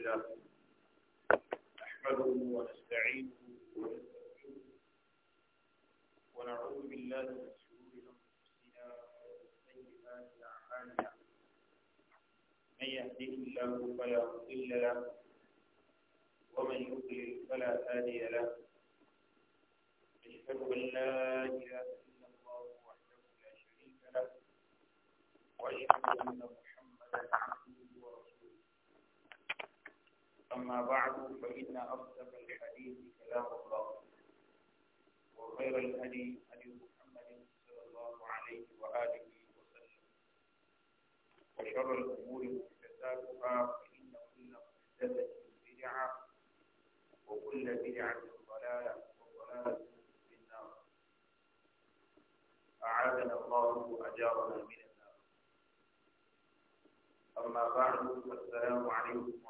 لله نحمده ونستعينه ونستغفره ونعوذ بالله من شرور انفسنا ومن سيئات اعمالنا من يهده الله فلا مضل له ومن يضلل فلا هادي له اشهد ان لا اله الا الله وحده لا شريك له واشهد ان محمدا عبده أما بعد فإن أصدق الحديث كلام الله وخير الهدي هدي محمد صلى الله عليه وآله وسلم وشر الأمور محدثاتها فإن كل محدثة بدعة وكل بدعة ضلالة وضلالة في النار أعاذنا الله وأجارنا من النار أما بعد فالسلام عليكم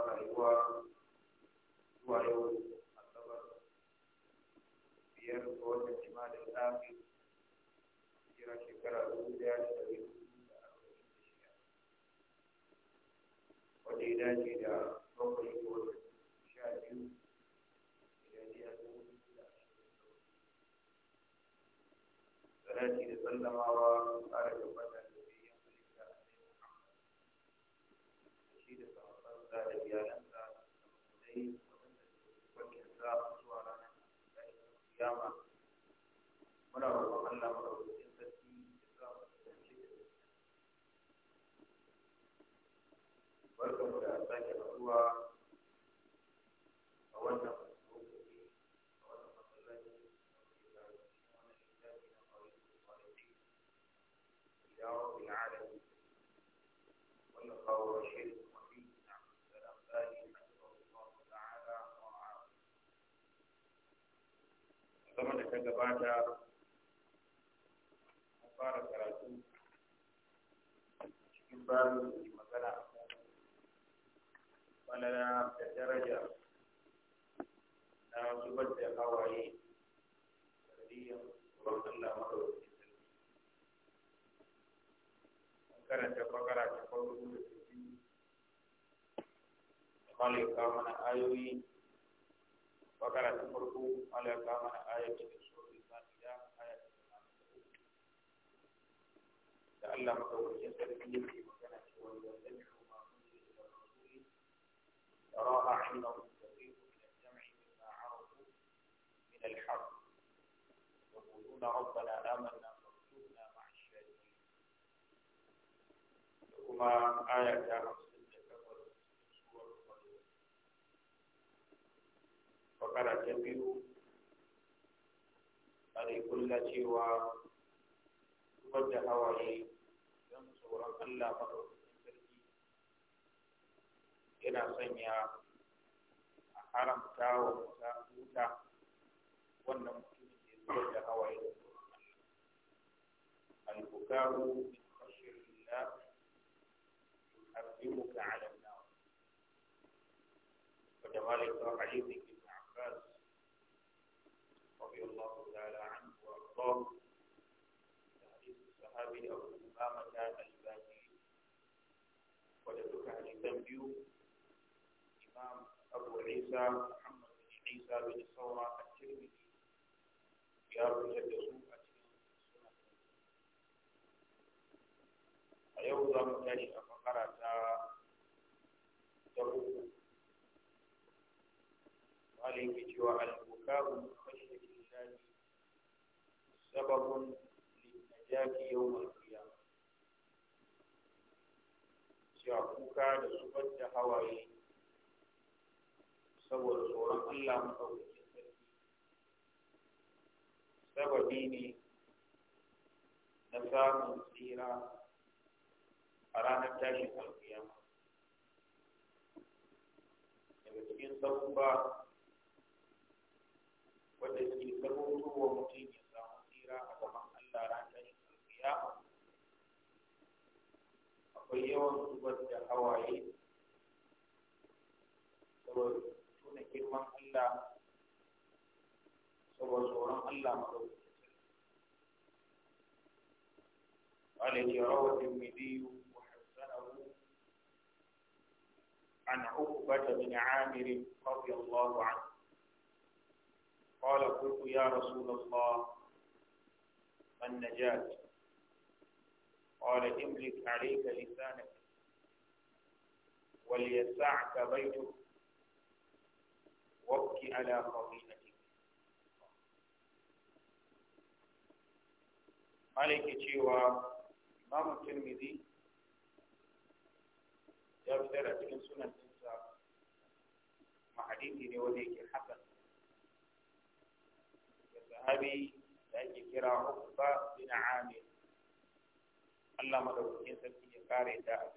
dace da bakwai ko sha biyu salati da sallamawa da biyan a cikin Muhammad shi da sahabbansa da iyalansa da zuwa ranar da ya muna roƙon ba a wannan zama da ta gabata a fara karatu cikin babu falala da daraja na zubar da hawaye sanadiyyar tsoron Allah sarki. An karanta bakara ta farko da sittin da malaka mana ayoyi bakara ta farko mana ayoyi da suratul fatiha aya da Allah sarki يراها انه يفيق من الجمع مما عرفوا من الحق يقولون ربنا امنا فاكتبنا مع الشاهدين وما آية خمسين كفر سورة مريم فقال تبيو أن كل شيء وجه وجه ينصر الله مدعو yana sanya a haramta wa wuta wannan mutumin da ya da hawaye da al-bukaru min khashyatillah yuhibbuka 'ala an-nar wa dawalik hadith ibn Abbas radiyallahu ta'ala anhu wa Isa Muhammad bin Isa bin Saura a Tirmidhi ya su a cikin a yau za mu a fakara ta ta uku malin ke cewa al-bukaru khashyati kuka da da hawaye saboda tsoron Allah maɗaukakin sarki sababi ne na samun tsira a ranar tashin alƙiyama daga cikin sabubba wadda ke sabubuwa mutum ya samu tsira a gaban Allah ranar tashin alƙiyama akwai yawan zubar da hawaye saboda girman Allah saboda tsoron Allah madaukakin قال روى الترمذي وحسنه عن عقبة بن عامر رضي الله عنه قال قلت يا رسول الله ما النجاة قال املك عليك لسانك وليسعك بيتك وابكي على قضيتك عليك تشيوا إمام الترمذي يا في أتكلم سنة ما حديثي لوليك الحسن الذهبي ذاك كرا عقبة بن عامر الله مدوكين سبكي يقاري دا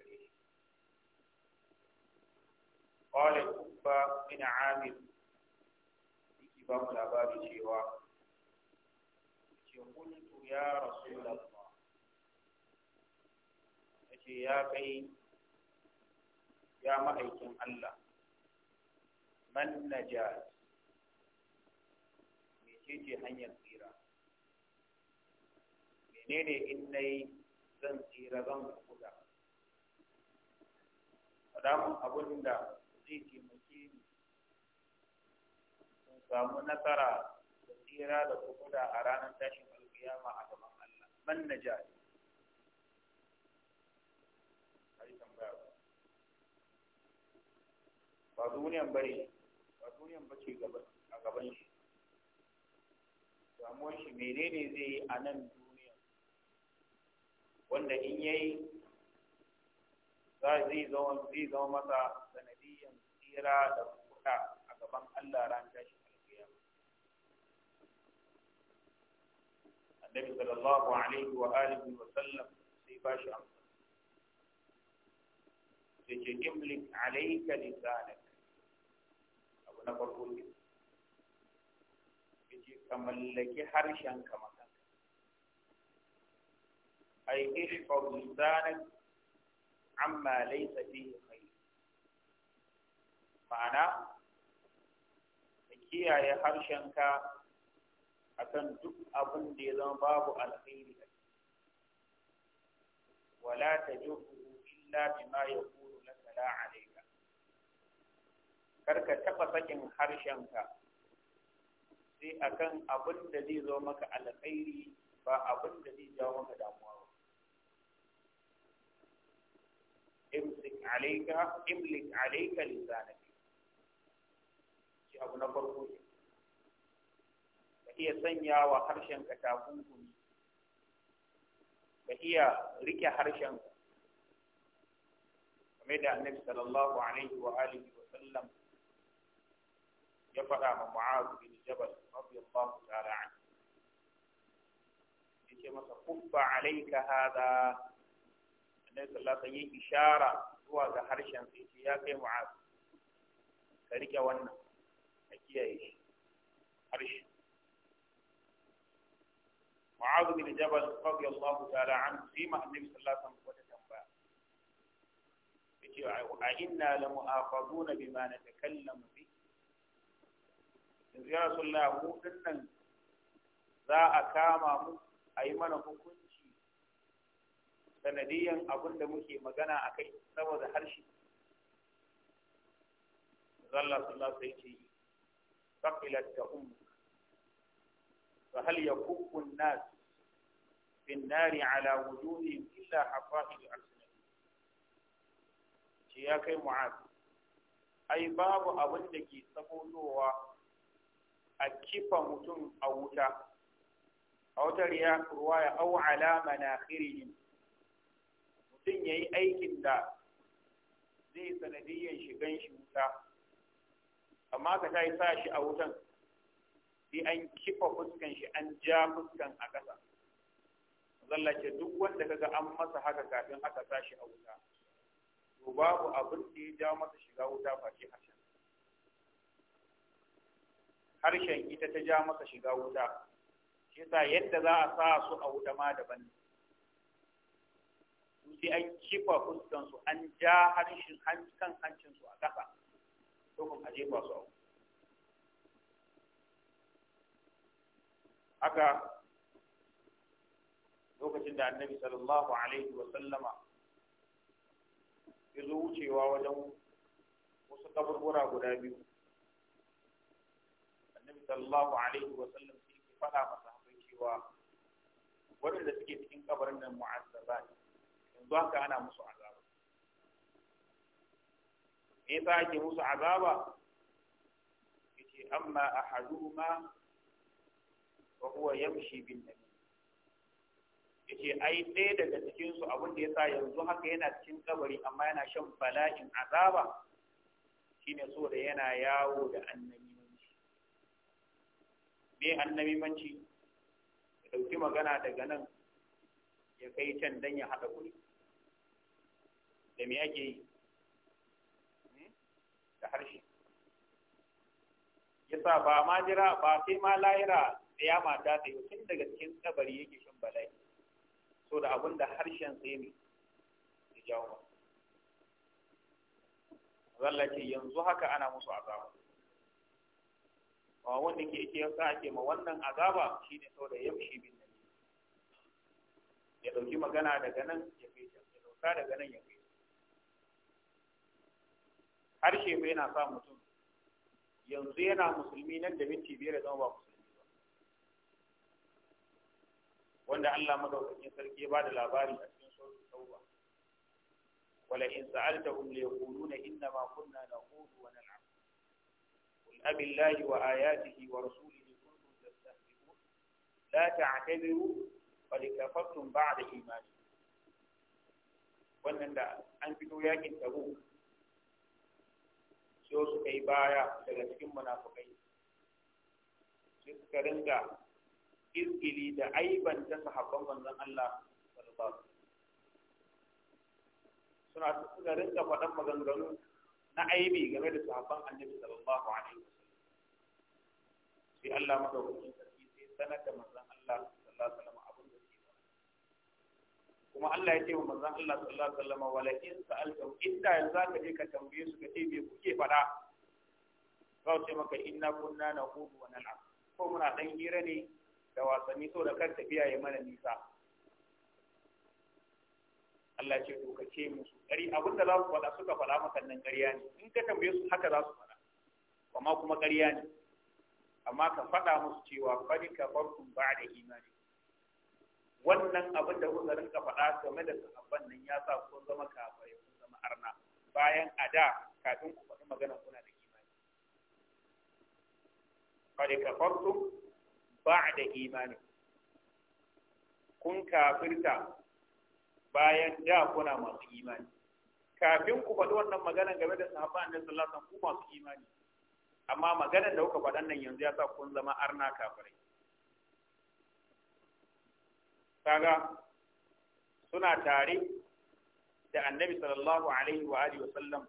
قال عقبة بن عامر bamu ba mu labari cewa ce kuntu ya rasulullah yace ya kai ya ma'aikin Allah man na najat mecece hanyar tsira menene in nayi zan tsira zan kuda faɗa abin da zai taimaka samu nasara da tsira da kukuda a ranar tashin alkiyama a gaban Allah man najat ba duniyan bari ba duniyan bace a gaban shi damuwan shi menene zai yi a nan duniya wanda in yayi zai zama masa sanadiyan tsira da kuɗa a gaban Allah ran tashin. annabi sallallahu alaihi wa alihi wa sai ba shi amsa sai imlik alayka lisanak abu na farko ne yace ka mallaki harshen ka makan ay ihfaz lisanak amma kiyaye harshen ka akan duk abin da ya zama babu alkhairi wala tajuhu illa bima yaqulu laka la alayka karka taba sakin harshenka sai akan abin da zai zo maka alkhairi ba abin da zai jawo maka damuwa ba imlik alayka imlik alayka lisanaka shi abu na farko ne iya sanya wa harshen ka takunkumi ka iya rike harshen kamar da annabi sallallahu alaihi wa alihi wa sallam ya faɗa ma mu'az bin jabal radiyallahu ta'ala anhu yace masa kuffa alayka hada annabi sallallahu alaihi wa ishara zuwa ga harshen sai ya kai mu'az ka rike wannan ka kiyaye harshen mu'adh bin jabal radiyallahu ta'ala anhu sai ma annabi sallallahu alaihi wasallam wata tambaya yace a inna la mu'akhaduna bima natakallamu bi yanzu ya rasulullah mu dinnan za a kama mu a yi mana hukunci sanadiyan abin muke magana a kai saboda harshe zalla sallallahu alaihi wasallam في النار على وجوههم إلا حصائد ألسنتهم يا كي معاذ أي باب أبنك سبوتوا أكيف متم أوتا أوتا رواية أو على مناخرهم mutum ya yi aikin da zai sanadiyyar shigan shi wuta amma ka ta yi sa shi a wutan sai an kifa fuskan shi an ja fuskan a ƙasa Allah duk wanda kaga an masa haka kafin aka tashi a wuta to babu abin da ya ja masa shiga wuta a harshen harshen ita ta ja masa shiga wuta shi yasa yadda za a sa su a wuta ma daban ne su sai an kifa fuskansu an ja harshen kan hancinsu a ƙasa dokun a jefa su a wuta haka lokacin da annabi sallallahu alaihi wa sallama ya zo wucewa wajen wasu kaburbura guda biyu annabi sallallahu alaihi wa sallam sai ke faɗa masa hakan cewa waɗanda suke cikin kabarin nan mu'azzaba ne yanzu haka ana musu azaba me yasa ake musu azaba yace amma ahaduhuma wa huwa yamshi bin nabi yace ai ɗaya daga cikin su abin da yasa yanzu haka yana cikin kabari amma yana shan bala'in azaba shine so da yana yawo da annabimanci me annabimanci ya dauki magana daga nan ya kai can dan ya hada kuɗi da me ake yi hmm? da harshe yasa ba ma jira ba sai ma layira ya mata ta tun daga cikin kabari yake shan bala'i so da abin da harshen sai ne ya jawo ba zalla ce yanzu haka ana musu azaba wa wanda ke ke yasa ake ma wannan azaba shi ne sau da yamshi bin nabi ya dauki magana daga nan ya kai can ya dauka daga nan ya kai harshe bai na sa mutum yanzu yana musulmi nan da minti biyar da zama ba musulmi wanda Allah madaukakin sarki ya bada labari a cikin suratul tauba wala in sa'altahum la yaquluna inna ma kunna naqulu wa nal'ab qul abillahi wa ayatihi wa rasulihi kuntum tastahzi'un la ta'tabiru wa likafartum ba'da imani wannan da an fito yakin tabu sai su kai baya daga cikin munafikai sai su rinka kirkiri da aiban ta sahabban manzon Allah sallallahu suna suka rinka faɗan maganganu na aibi game da sahabban annabi sallallahu alaihi wasallam sai Allah maka sarki sai sanar da manzon Allah sallallahu alaihi wasallam abin da ke kuma Allah ya ce wa manzon Allah sallallahu alaihi wasallam wala in sa'altum inda yanzu ka je ka tambaye su ka ce me kuke faɗa za ce maka inna kunna naqudu wa nal'ab ko muna dan hira ne da wasanni so da kan tafiya ya mana nisa Allah ce to musu kari abin da za su faɗa suka faɗa maka nan ƙarya ne in ka tambaye su haka za su faɗa amma kuma ƙarya ne amma ka faɗa musu cewa bari ka farkun ba da imani wannan abin da kuka rinka faɗa game da sahabban nan ya sa kun zama kafirai kun zama arna bayan a da kafin ku faɗi magana kuna da imani bari ka farkun ba'da imani kun kafirta bayan da kuna masu imani kafin ku faɗi wannan magana game da sahaba annabi sallallahu alaihi wasallam ku masu imani amma maganar da kuka faɗan nan yanzu ya sa kun zama arna kafirai kaga suna tare da annabi sallallahu alaihi wa alihi wasallam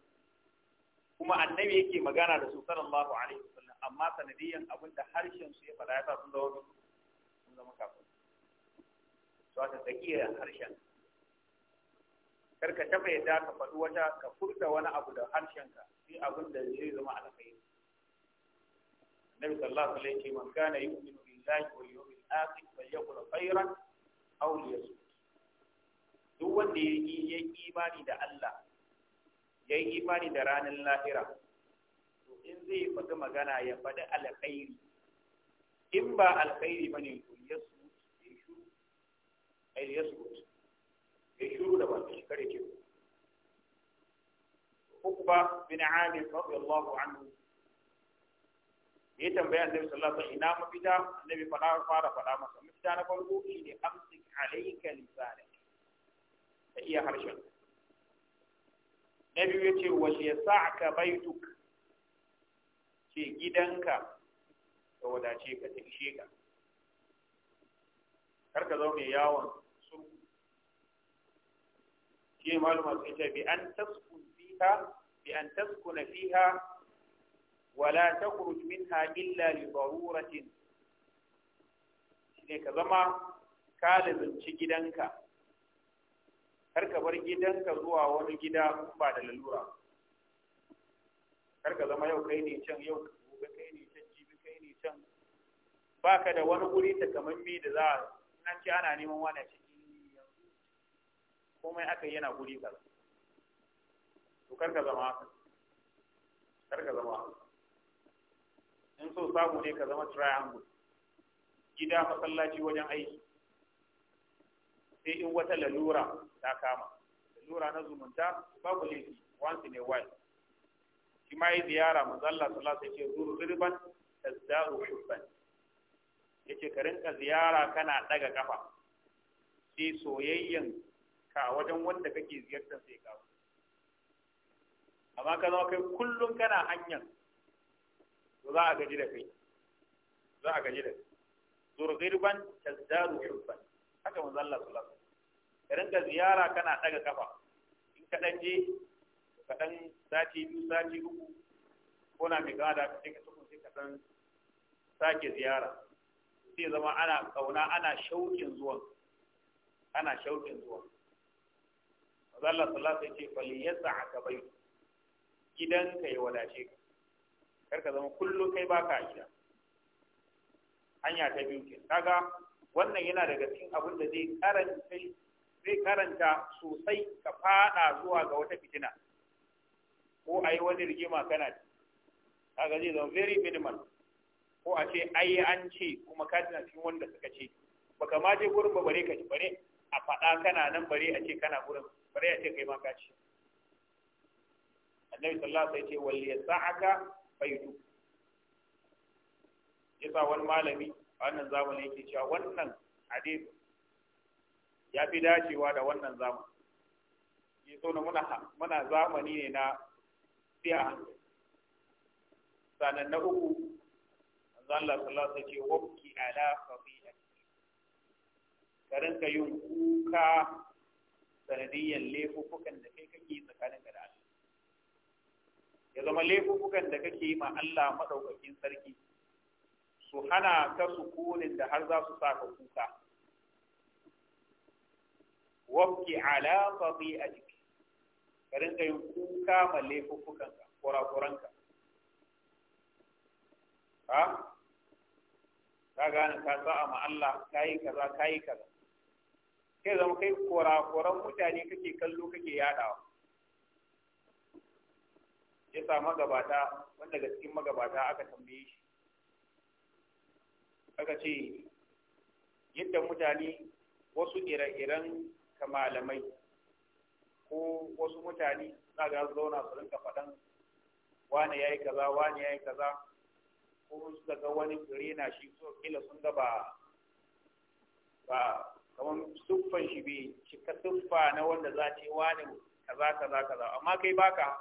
kuma annabi yake magana da su sallallahu alaihi wasallam amma sanadiyan abin da harshen su ya faɗa ya sa sun zama sun zama kafin su ta tsakiyar harshen karka taɓa yadda ka faɗi wata ka furta wani abu da harshenka sai abin da zai zama alkhairi النبي صلى الله عليه وسلم من كان يؤمن بالله واليوم الآخر فليقل خيرا أو ليصمت duk wanda ya yi imani da Allah ya yi imani da ranar lahira in zai faɗi magana ya faɗi alkhairi in ba alkhairi bane to ya su ya shuru ai ya su ya shuru da baki kare ke hukba bin ali radiyallahu anhu ya tambaya annabi sallallahu alaihi wasallam ina mafita annabi fara fara faɗa masa mafita na farko shine amsik alayka lisanak da iya harshen na biyu ya ce washe sa'aka baituk ce gidanka ka wadace ka ta Shi ka karka zaune yawon su shi malama sun ce bi an taskun fiha bi an taskuna fiha wala takhruj minha illa li daruratin shine ka zama ka gidanka kar bar gidanka zuwa wani gida ba da lalura kar ka zama yau kai ne can yau gobe kai ne can jibi kai ne can baka da wani guri takamammi da za a nan ce ana neman wani ciki eh, komai aka yana guri kaza to kar ka zama haka kar ka zama haka in so samu ne ka zama triangle gida masallaci wajen aiki sai in wata lalura ta kama lalura na zumunta babu laifi once in a while shi ma yi ziyara manzo Allah sallallahu alaihi wasallam yake zuru zurban Ya ce, yace ka rinka ziyara kana daga kafa sai soyayyen ka wajen wanda kake ziyartar sai ka amma ka zama kai kullum kana hanyar za a gaji da kai za a gaji da kai zurgirban tazdaru hubban haka manzo Allah sallallahu alaihi wasallam ka rinka ziyara kana daga kafa in ka dan je kaɗan sati biyu sati uku ko na mai gada ka sai ka tukun sai kaɗan sake ziyara sai zama ana ƙauna ana shauƙin zuwan ana shauƙin zuwan Allah sallallahu alaihi ce fali yasa aka bai gidan ka ya wadace ka kar ka zama kullum kai baka gida hanya ta biyu ke kaga wannan yana daga cikin abin da zai karanta zai karanta sosai ka fada zuwa ga wata fitina ko a yi wani rigima kana ci kaga zai zama very minimal ko a ce ai an ce kuma ka tana cikin wanda suka ce baka ma je gurin ba bare ka ci bare a faɗa kana nan bare a ce kana gurin bare a ce kai ma ka ci annabi sallallahu alaihi wasallam ce wal sa'aka faidu? yasa wani malami a wannan zamani yake cewa wannan hadisi ya fi dacewa da wannan zamani ya so muna muna zamani ne na sai sanan na uku manzo Allah sallallahu alaihi ce wabki ala fadilati ka yi yin kuka sanadiyyar laifukan da kai kake tsakanin da Allah ya zama laifukan da kake yi ma Allah madaukakin sarki su hana ka sukunin da har za su sa ka kuka wabki ala fadilati ka rinka yin kuka ma laifuffukanka kurakuranka ha ka gane ka sa'a ma Allah kayi kaza kayi kaza ke zama kai kurakuran mutane kake kallo kake yadawa ya sa magabata wanda ga cikin magabata aka tambaye shi aka ce yadda mutane wasu ire-iren kamalamai ko wasu mutane za ga su zauna su rinka faɗan wani ya yi kaza wani ya yi kaza ko su daga wani fure na shi so kila sun ga ba ba kamar siffan shi bai cika siffa na wanda za ce wani kaza kaza kaza amma kai baka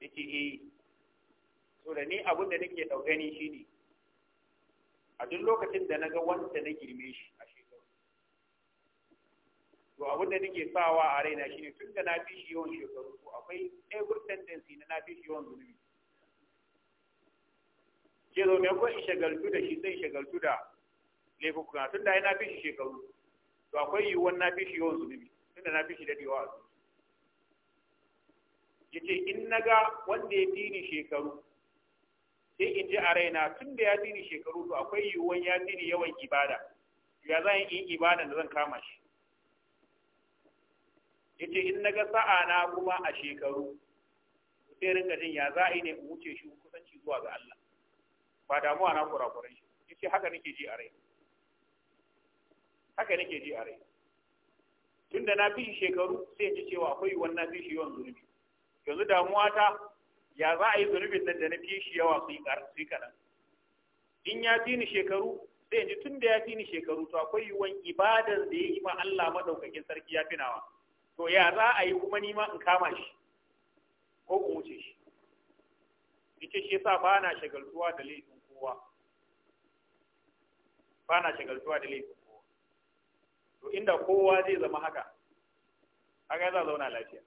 yake eh so da ni abin da nake shi shine a duk lokacin da na ga wanda na girme shi to abin da nake sawa a raina shine tun da na fi shi yawan shekaru to akwai ever tendency na na fi shi yawan zunubi ke zo ne ko shagaltu da shi sai shagaltu da laifukuna tun da ya na fi shi shekaru to akwai yiwuwar na fi shi yawan zunubi tun da na fi shi dadewa a ya ce in na ga wanda ya fi ni shekaru sai in ji a raina tun da ya fi ni shekaru to akwai yiwuwar ya fi ni yawan ibada ya zan yi ibada da zan kama shi yace in naga sa'a na kuma a shekaru sai rinka jin ya za'i ne in wuce shi kusanci zuwa ga Allah ba damuwa na kurakuran shi yace haka nake ji a rai haka nake ji a rai tunda na bi shekaru sai ji cewa akwai yiwuwar na bi shi yawan zunubi yanzu damuwa ta ya za a yi zunubin nan da na fi shi yawa su yi kanan in ya fi ni shekaru sai ji tun da ya fi ni shekaru to akwai yiwuwar ibadar da ya yi ma Allah madaukakin sarki ya fi nawa to ya za a yi kuma nima in kama shi ko in wuce shi ita shi yasa ba na shagaltuwa da laifin kowa ba na shagaltuwa da laifin kowa to inda kowa zai zama haka haka za a zauna lafiya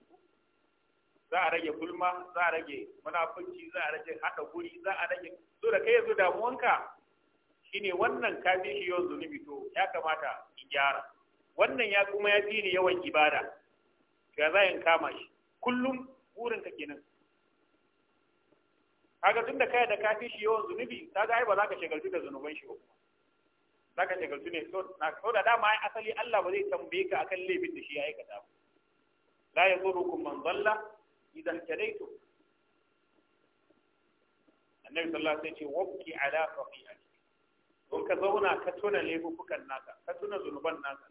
za a rage gulma za a rage munafunci za a rage hada guri za a rage so da kai yanzu damuwanka shine wannan ka shi yau zunubi to ya kamata in gyara wannan ya kuma ya fi ni yawan ibada ya za yin kama shi kullum burin ka kenan kaga tunda kai da kafi shi yawan zunubi kaga ai ba za ka shagaltu da zunuban shi ba za ka shagaltu ne so da dama asali Allah ba zai tambaye ka akan laifin da shi ya aikata ba la yazurukum man dalla idan kadaitu annabi sallallahu alaihi wasallam ya ce wabki ala faqiati Don ka zauna ka tuna laifukan naka ka tuna zunuban naka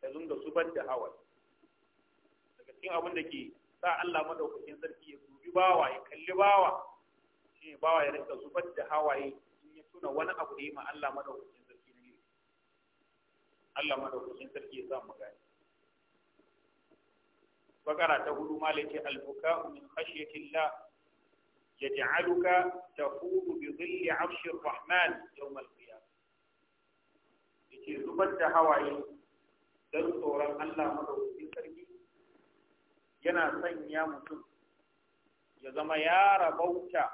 ka zunga zubar da hawaye cikin abin da ke sa Allah madaukakin sarki ya dubi bawa ya kalli bawa shi ne bawa ya rinka zubar da hawaye in ya tuna wani abu da ya ma Allah madaukakin sarki ne Allah madaukakin sarki ya sa mu gani bakara ta hudu malaki al-buka min khashyati Allah يجعلك تفوق بظل عرش الرحمن يوم القيامة yake zubar da hawaye don tsoron Allah madaukakin yana sanya mutum ya zama ya rabauta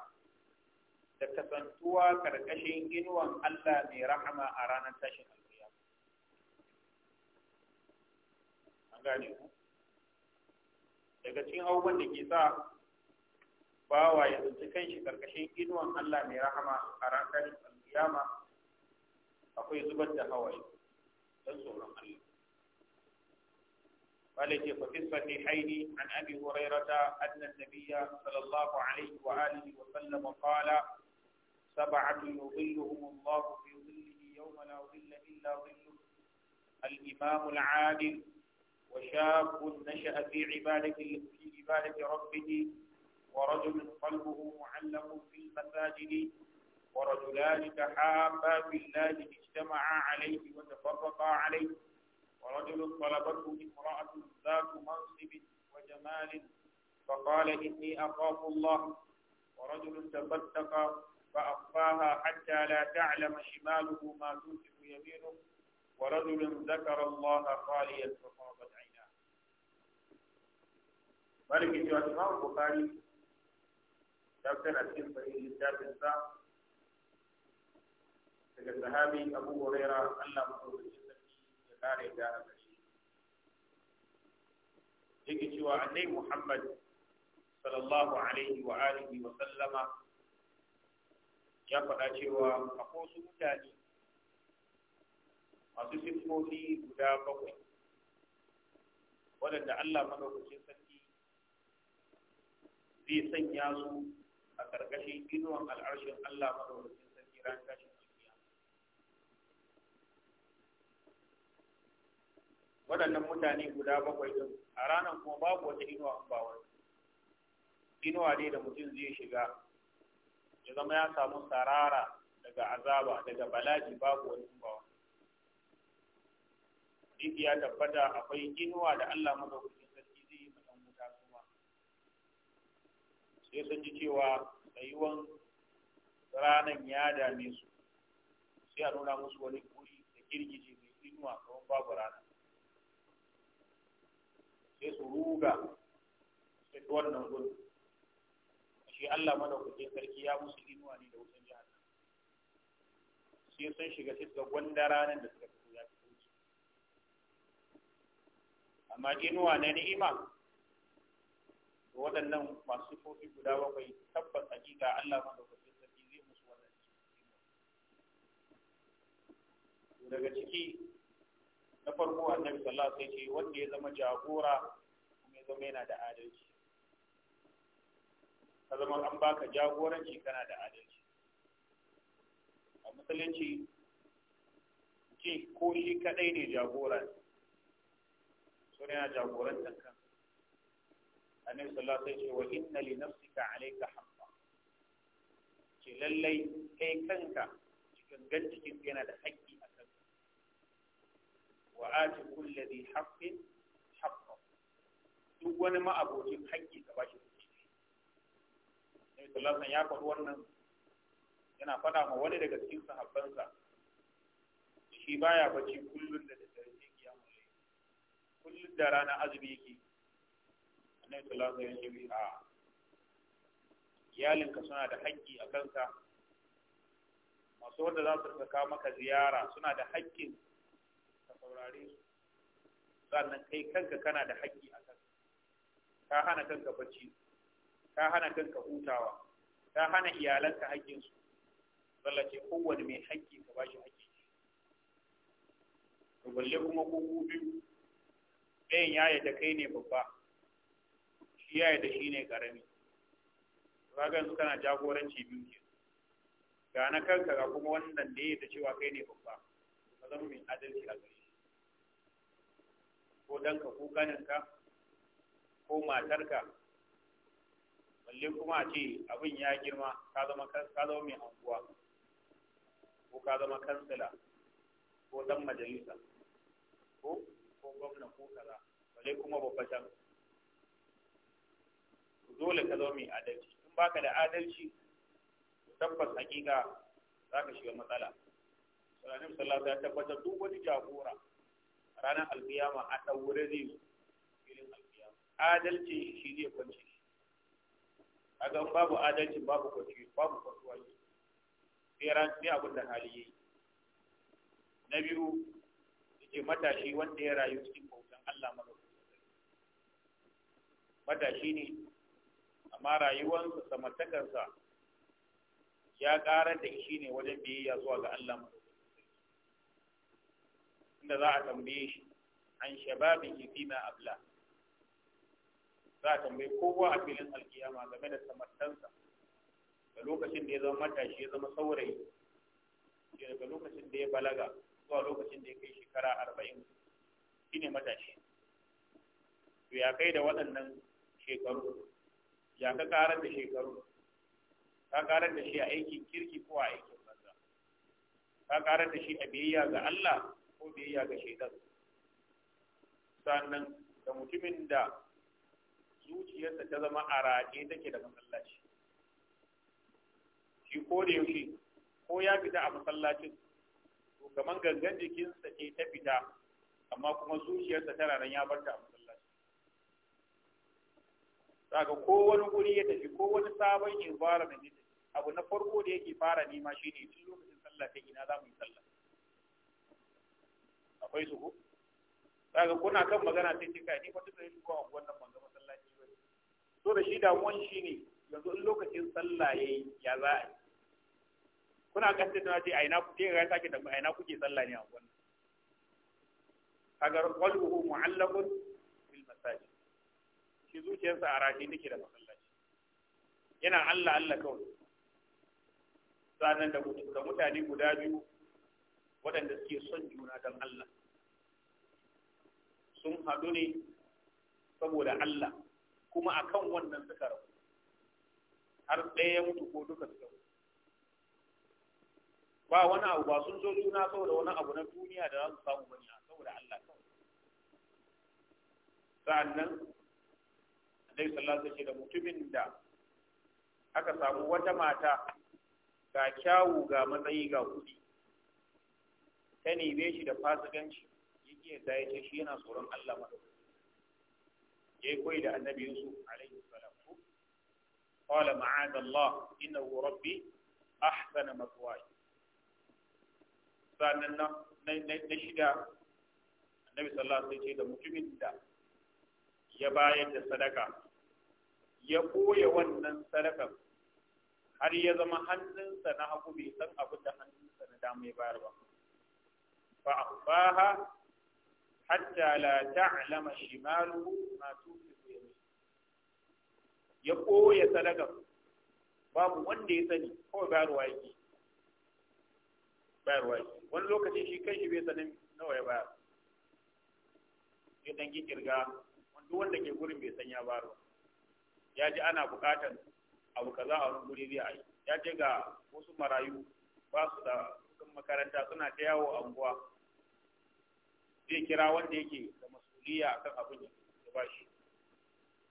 da kasantuwa karkashin inuwan Allah mai rahama a ranar tashin alƙiyama. An gane ku? Daga cikin abubuwan da ke sa bawa ya zanci kanshi karkashin inuwan Allah mai rahama a ranar tashin alƙiyama akwai zubar da hawaye don tsoron Allah. قال في الصحيحين عن أبي هريرة أن النبي صلى الله عليه وآله وسلم قال سبعة يظلهم الله في ظله يوم لا ظل إلا ظله الإمام العادل وشاب نشأ في عبادة في عبادة ربه ورجل قلبه معلق في المساجد ورجلان تحابا في الله اجتمعا عليه وتفرقا عليه ورجل طلبته امرأة ذات منصب وجمال فقال إني أخاف الله ورجل تصدق فأخفاها حتى لا تعلم شماله ما تنفق يمينه ورجل ذكر الله خاليا فصابت عيناه ملك الإمام البخاري تبتنى في صحيح الكتاب daga sahabi abu huraira Allah mutum kare da a gashi yake cewa annai muhammad sallallahu alaihi wa wa sallama ya faɗa cewa akwai wasu mutane masu siffofi guda bakwai waɗanda Allah madaukakin sarki zai sanya su a ƙarƙashin inuwan al'arshin Allah madaukakin sarki ran waɗannan mutane guda bakwai ɗin a ranar kuma babu wata inuwa in ba wani inuwa ne da mutum zai shiga ya zama ya samu sarara daga azaba daga balaji babu wani ba wani ya tabbata akwai inuwa da Allah madaukakin sarki zai yi mutan wuta kuma sai sun ji cewa tsayuwan ranar ya dame su sai a nuna musu wani guri da girgije mai inuwa kamar babu rana sai su ruga sai ta wannan gudu shi Allah kuke sarki ya musu inuwa ne da wutan jihar sai sun shiga fiska gwanda ranar da suka fito ya fito kuma. amma inuwa na ni'ima da waɗannan masu sifofi guda bakwai tabbas hakika Allah kuke sarki zai musu wannan daga ciki na farko annabi sallallahu alaihi wasallam ce wanda ya zama jagora kuma ya zama yana da adalci ka zama an baka jagoranci kana da adalci a musulunci ce ko shi kadai ne jagora ne so yana jagorantar kan annabi sallallahu alaihi wasallam ce wa inna li nafsika alayka haqqa ce lallai kai kanka cikin gan cikin yana da haƙƙi wa kulli dhi haqqin haqqo duk wani abokin haƙƙi ka bashi Ne sallallahu alaihi ya faɗi wannan yana faɗa ma wani daga cikin sahabbansa shi baya bacci kullun da daddare sai kiyamul layl kullun da rana azumi yake Annabi sallallahu alaihi wasallam ya ce a iyalinka suna da haƙƙi a kanka masu wanda za su kawo maka ziyara suna da haƙƙin saurare su sannan kai kanka kana da haƙƙi a kan ka hana kanka bacci ka hana kanka hutawa ka hana iyalanka su. Allah ce kowane mai haƙƙi ka bashi haƙƙi to balle kuma ko ku biyu ɗayan ya da kai ne babba shi ya da shi ne ƙarami ga yanzu kana jagoranci biyu ke ga na kanka ga kuma wannan da ya da cewa kai ne babba ka zama mai adalci a gari ko ɗanka ko kaninka ko matarka balle kuma a ce abin ya girma ka zama mai anguwa ko ka zama kansila ko ɗan majalisa ko ko gwamna ko kaza balle kuma babbatan dole ka zama mai adalci in baka da adalci tabbas hakika za ka shiga matsala. Sallallahu alaihi wasallam ya tabbatar duk wani jagora ranar alkiyama a ɗaure zai zo filin alkiyama adalci shi zai kwanci a ga babu adalci babu kwanci babu kwanciwa ne sai ran sai abin da hali yi. na biyu ke matashi wanda ya rayu cikin bautan Allah madaukakin matashi ne amma rayuwarsa samartakarsa ya ƙara da shi ne wajen biyayya zuwa ga Allah ma. inda za a tambaye shi an fi ma abla za a tambaye kowa a filin alkiyama game da samartansa da lokacin da ya zama matashi ya zama saurayi daga lokacin da ya balaga zuwa lokacin da ya kai shekara arba'in shine matashi to ya kai da waɗannan shekaru ya ka karar da shekaru ka karar da shi a aikin kirki ko a aikin banza ka karar da shi a biyayya ga Allah ko ya ga shaitan sannan da mutumin da zuciyarsa ta zama a rage take da masallaci shi ko da yaushe ko ya fita a masallacin to kaman gangan jikinsa ce ta fita amma kuma zuciyarsa tana nan ya barta a masallaci daga ko wani guri ya tafi ko wani sabon environment ya tafi abu na farko da yake fara nema shine tun lokacin sallah ta ina za mu yi sallah akwai suku. daga kuna kan magana sai ce kai ni fa duk da shi ko wannan ban ga masallaci ba to da shi damuwan shi ne yanzu in lokacin sallah yayi ya za a yi kuna kasta tana ce aina ke ga sake da aina kuke sallah ne a wannan kaga qalbuhu mu'allaqun bil masajid shi zuciyarsa a rafi nake da masallaci yana Allah Allah kawai sanan da mutane guda biyu waɗanda suke son juna don Allah sun haɗu ne saboda Allah kuma akan wannan suka rabu har ɗaya ya mutu ko duka suka mutu ba wani abu ba sun zo juna saboda wani abu na duniya da za su samu bane saboda Allah kawai sa'annan Annabi sallallahu alaihi wasallam da mutumin da aka samu wata mata ga kyawu ga matsayi ga kuɗi ta neme shi da fasikanci yake yadda ya ce shi yana tsoron Allah mada ya yi koyi da annabi Yusuf alaihi salam ko qala ma'ad Allah innahu rabbi ahsana mathwaya sannan na na shida annabi sallallahu alaihi ce da mutumin da ya bayar da sadaka ya koya wannan sadakar har ya zama hannunsa na hagu bai san abin da hannunsa na dama ya bayar ba Ba حتى لا تعلم شماله ما تنفق يمينه ya koya sadaka babu wanda ya sani kawai bayarwa yake bayarwa yake wani lokacin shi kai shi bai sanin nawa ya bayar ya dan ki kirga wanda wanda ke gurin bai san ya bayar ya ji ana bukatar abu kaza a wani guri zai ya ce ga wasu marayu ba su da makaranta suna ta yawo a unguwa zai kira wanda yake da masuliya akan abin da ya ba shi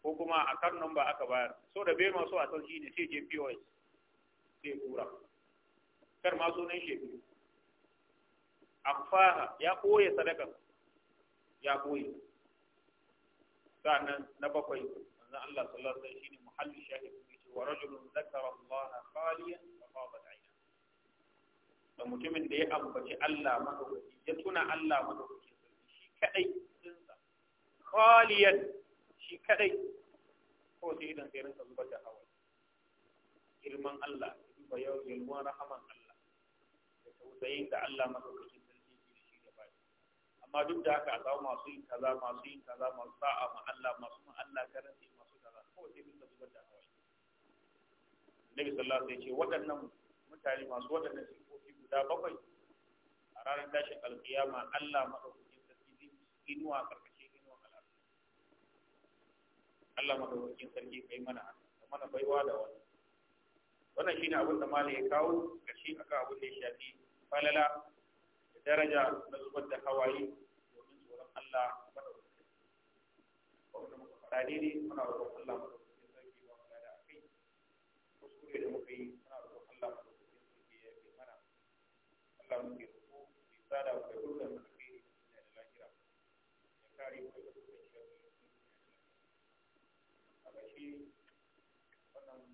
ko kuma a kan nan aka bayar so da bai masu a sauki ne sai je POS sai kura kar ma sunan shi akfaha ya koye sadaka ya koye sannan na bakwai manzon Allah sallallahu alaihi wasallam shine muhallu shahid yace wa rajulun zakara Allah khaliyan wa fadat da mutumin da ya ambaci Allah madaukaki ya tuna Allah madaukaki kadai dinsa khaliyan shi kadai ko sai idan sai rinka zubar da hawa girman Allah ba yau yalwan rahaman Allah da tausayin da Allah madaukakin sarki ke shi da bai amma duk da haka za masu yin kaza masu yin kaza masu sa'a ma Allah masu ma Allah karanci masu kaza ko sai rinka zubar da hawa Nabi sallallahu alaihi wasallam ya ce waɗannan mutane masu waɗannan sifofi guda bakwai a ranar tashin alkiyama Allah madaukakin inuwa karkashin inuwa al'arshi Allah madaukakin sarki kai mana da mana baiwa da wani wannan shine abin da malai ya kawo kashi akan abin da ya shafi falala da daraja na zubar da hawaye domin tsoron Allah madaukakin wanda muka faɗa ne muna roƙon Allah madaukakin sarki ba mu da akai kuskure da muka yi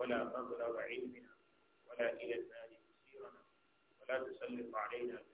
ولا مبلغ علمنا ولا إلى النار مسيرنا ولا تسلط علينا